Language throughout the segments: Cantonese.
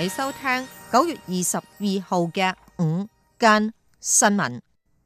你收聽九月二十二號嘅午間新聞。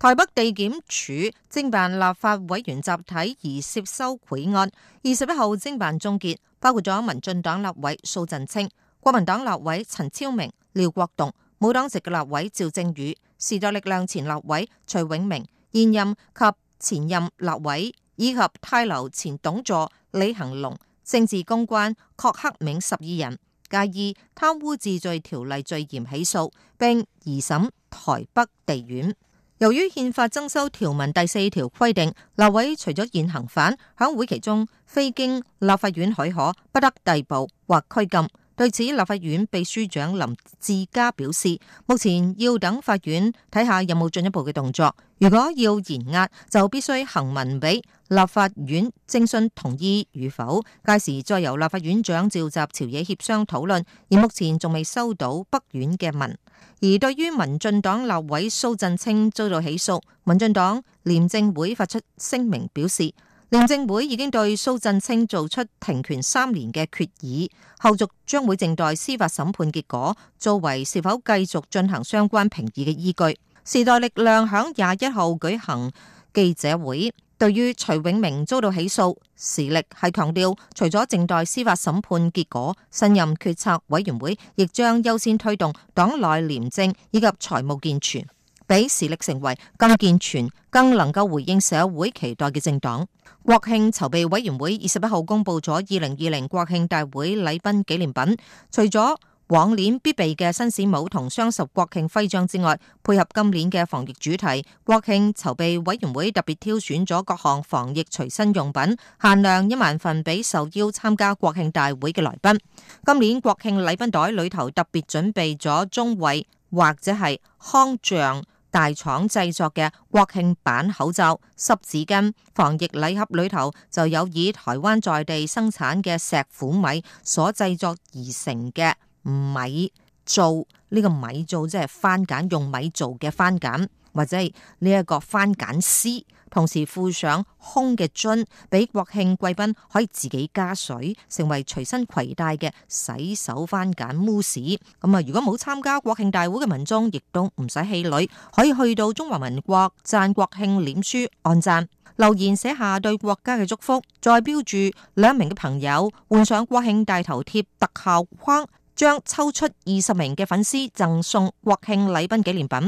台北地檢署偵辦立法委員集體疑涉收賄案，二十一號偵辦終結，包括咗民進黨立委蘇震清、國民黨立委陳超明、廖國棟、無黨籍嘅立委趙正宇、時代力量前立委徐永明、現任及前任立委以及泰流前董座李恆龍、政治公關郭克銘十二人。介意貪污治罪條例罪嫌起訴，並移審台北地院。由於憲法增修條文第四條規定，立委除咗現行犯，響會期中非經立法院許可，不得逮捕或拘禁。對此，立法院秘書長林志嘉表示，目前要等法院睇下有冇進一步嘅動作。如果要延押，就必須行文俾立法院徵詢同意與否，屆時再由立法院長召集朝野協商討論。而目前仲未收到北院嘅文。而對於民進黨立委蘇震清遭到起訴，民進黨廉政會發出聲明表示，廉政會已經對蘇震清做出停權三年嘅決議，後續將會靜待司法審判結果，作為是否繼續進行相關評議嘅依據。時代力量喺廿一號舉行記者會，對於徐永明遭到起訴，時力係強調，除咗靜待司法審判結果，新任決策委員會亦將優先推動黨內廉政以及財務健全，俾時力成為更健全，更能夠回應社會期待嘅政黨。國慶籌備委員會二十一號公布咗二零二零國慶大會禮賓紀念品，除咗往年必備嘅紳士帽同雙十國慶徽章之外，配合今年嘅防疫主題，國慶籌備委員會特別挑選咗各項防疫隨身用品，限量一萬份俾受邀參加國慶大會嘅來賓。今年國慶禮賓袋裏頭特別準備咗中衛或者係康匠大廠製作嘅國慶版口罩、濕紙巾。防疫禮盒裏頭就有以台灣在地生產嘅石虎米所製作而成嘅。米做呢個米做即係番梘，用米做嘅番梘或者係呢一個番梘絲，同時附上空嘅樽，俾國慶貴賓可以自己加水，成為隨身攜帶嘅洗手番梘慕斯，咁啊！如果冇參加國慶大會嘅民眾，亦都唔使氣餒，可以去到中華民國讚國慶臉書按讚留言，寫下對國家嘅祝福，再標注兩名嘅朋友，換上國慶大頭貼特效框。將抽出二十名嘅粉絲贈送國慶禮賓紀念品，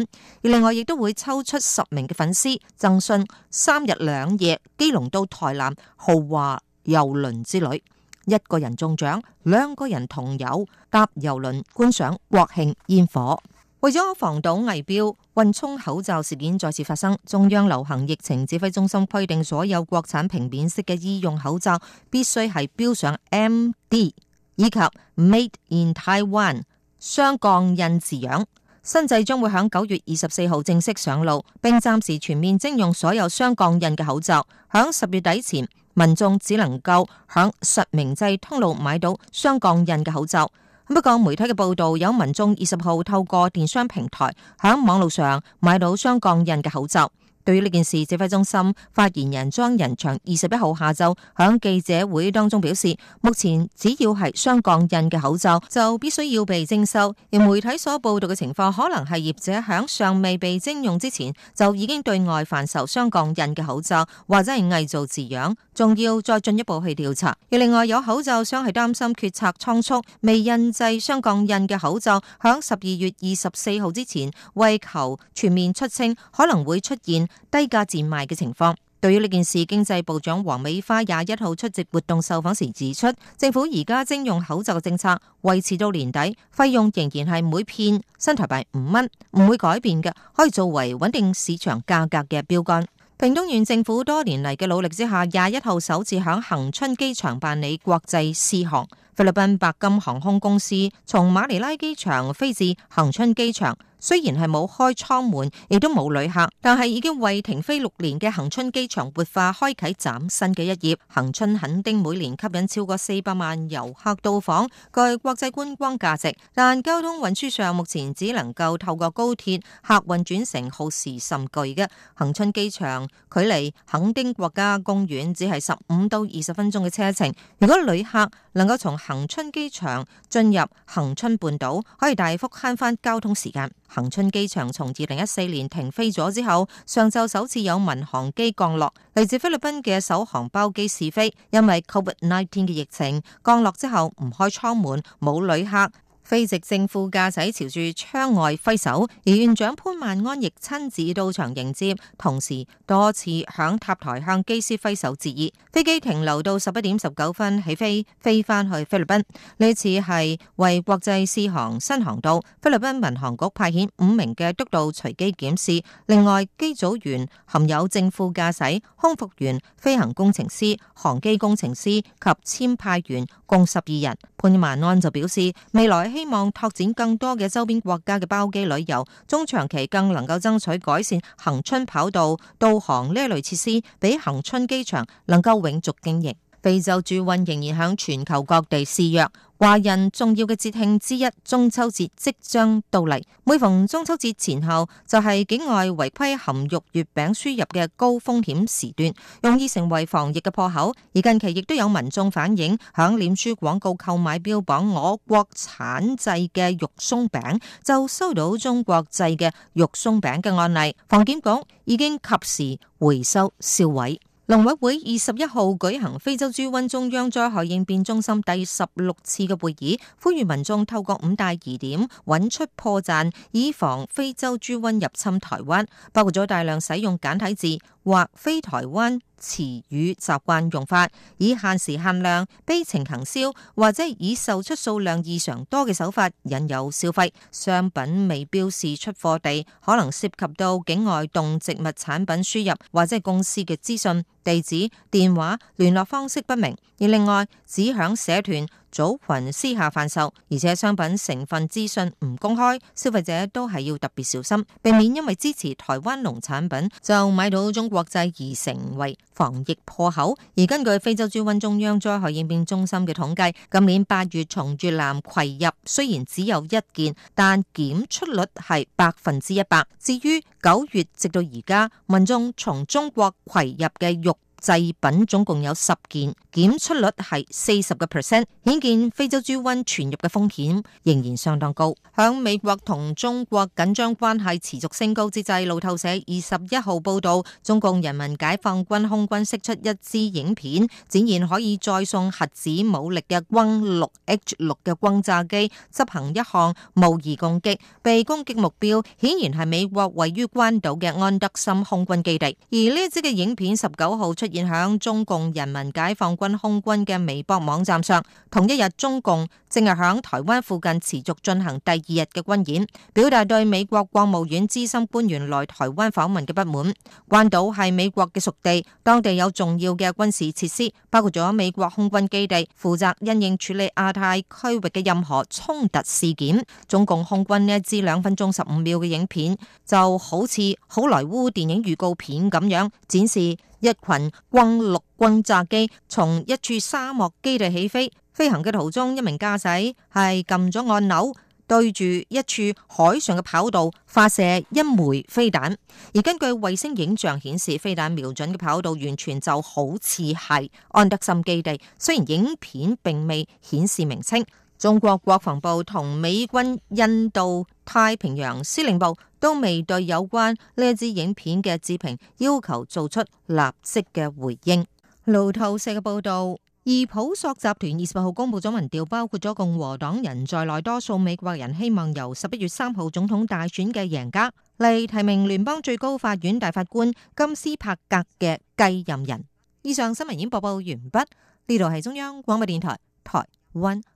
而另外亦都會抽出十名嘅粉絲贈送三日兩夜基隆到台南豪華遊輪之旅。一個人中獎，兩個人同遊搭遊輪觀賞國慶煙火。為咗防堵偽標、混充口罩事件再次發生，中央流行疫情指揮中心規定，所有國產平面式嘅醫用口罩必須係標上 MD，以及 Made in Taiwan 雙鋼印字樣，新制將會喺九月二十四號正式上路，並暫時全面徵用所有雙鋼印嘅口罩。喺十月底前，民眾只能夠喺實名制通路買到雙鋼印嘅口罩。不過，媒體嘅報道有民眾二十號透過電商平台喺網路上買到雙鋼印嘅口罩。對於呢件事，指揮中心發言人莊人祥二十一號下晝喺記者會當中表示，目前只要係雙鋼印嘅口罩就必須要被徵收。而媒體所報道嘅情況，可能係業者響尚未被徵用之前就已經對外販售雙鋼印嘅口罩，或者係偽造字樣，仲要再進一步去調查。而另外有口罩商係擔心決策倉促，未印製雙鋼印嘅口罩響十二月二十四號之前，為求全面出清，可能會出現。低價賤賣嘅情況。對於呢件事，經濟部長王美花廿一號出席活動受訪時指出，政府而家徵用口罩嘅政策維持到年底，費用仍然係每片新台幣五蚊，唔會改變嘅，可以作為穩定市場價格嘅標杆。屏東縣政府多年嚟嘅努力之下，廿一號首次響恒春機場辦理國際試航。菲律賓白金航空公司從馬尼拉機場飛至恆春機場，雖然係冇開艙門，亦都冇旅客，但係已經為停飛六年嘅恆春機場活化開啟嶄新嘅一頁。恆春墾丁每年吸引超過四百萬遊客到訪，具國際觀光價值，但交通運輸上目前只能夠透過高鐵客運轉乘，耗時甚巨嘅恆春機場，距離墾丁國家公園只係十五到二十分鐘嘅車程。如果旅客能夠從恆春機場進入恆春半島，可以大幅慳翻交通時間。恆春機場從二零一四年停飛咗之後，上晝首次有民航機降落，嚟自菲律賓嘅首航包機試飛。因為 Covid nineteen 嘅疫情，降落之後唔開艙門，冇旅客。飛直正副駕駛朝住窗外揮手，而院長潘萬安亦親自到場迎接，同時多次響塔台向機師揮手致意。飛機停留到十一點十九分起飛飛翻去菲律賓，呢次係為國際試航新航道，菲律賓民航局派遣五名嘅督導隨機檢視，另外機組員含有正副駕駛空服員飛行工程師航機工程師及簽派員共十二人。潘萬安就表示未來。希望拓展更多嘅周邊國家嘅包機旅遊，中長期更能夠爭取改善恆春跑道導航呢一類設施，俾恆春機場能夠永續經營。非洲豬瘟仍然向全球各地肆虐。華人重要嘅節慶之一中秋節即將到嚟。每逢中秋節前後，就係、是、境外違規含肉月餅輸入嘅高風險時段，容易成為防疫嘅破口。而近期亦都有民眾反映，響臉書廣告購買標榜我國產製嘅肉鬆餅，就收到中國製嘅肉鬆餅嘅案例。防疫局已經及時回收銷毀。農委會二十一號舉行非洲豬瘟中央災害應變中心第十六次嘅會議，呼籲民眾透過五大疑點揾出破綻，以防非洲豬瘟入侵台灣，包括咗大量使用簡體字，或非台灣詞語習慣用法，以限時限量、悲情行銷或者以售出數量異常多嘅手法引誘消費，商品未標示出貨地，可能涉及到境外動植物產品輸入，或者係公司嘅資訊、地址、電話聯絡方式不明。而另外，只響社團組群私下販售，而且商品成分資訊唔公開，消費者都係要特別小心，避免因為支持台灣農產品就買到中國製而成為防疫破口。而根據非洲豬瘟中央災害應變中心嘅統計，今年八月從越南攜入雖然只有一件，但檢出率係百分之一百。至於九月直到而家，民眾從中國攜入嘅肉製品總共有十件，檢出率係四十個 percent，顯見非洲豬瘟傳入嘅風險仍然相當高。響美國同中國緊張關係持續升高之際，路透社二十一號報導，中共人民解放軍空軍釋出一支影片，展現可以載送核子武力嘅轟六 H 六嘅轟炸機執行一項冒疑攻擊，被攻擊目標顯然係美國位於關島嘅安德森空軍基地。而呢一支嘅影片十九號出，現響中共人民解放軍空軍嘅微博網站上，同一日，中共正係響台灣附近持續進行第二日嘅軍演，表達對美國國務院資深官員來台灣訪問嘅不滿。關島係美國嘅屬地，當地有重要嘅軍事設施，包括咗美國空軍基地，負責因應處理亞太區域嘅任何衝突事件。中共空軍呢一支兩分鐘十五秒嘅影片，就好似好萊塢電影預告片咁樣展示。一群轟六轟炸機從一處沙漠基地起飛，飛行嘅途中，一名駕駛係撳咗按鈕，對住一處海上嘅跑道發射一枚飛彈。而根據衛星影像顯示，飛彈瞄準嘅跑道完全就好似係安德森基地，雖然影片並未顯示名稱。中國國防部同美軍、印度太平洋司令部都未對有關呢一支影片嘅置評要求做出立即嘅回應。路透社嘅報道，而普索集團二十八號公布咗民調，包括咗共和黨人在內，多數美國人希望由十一月三號總統大選嘅贏家嚟提名聯邦最高法院大法官金斯柏格嘅繼任人。以上新聞演播報完畢。呢度係中央廣播電台台灣。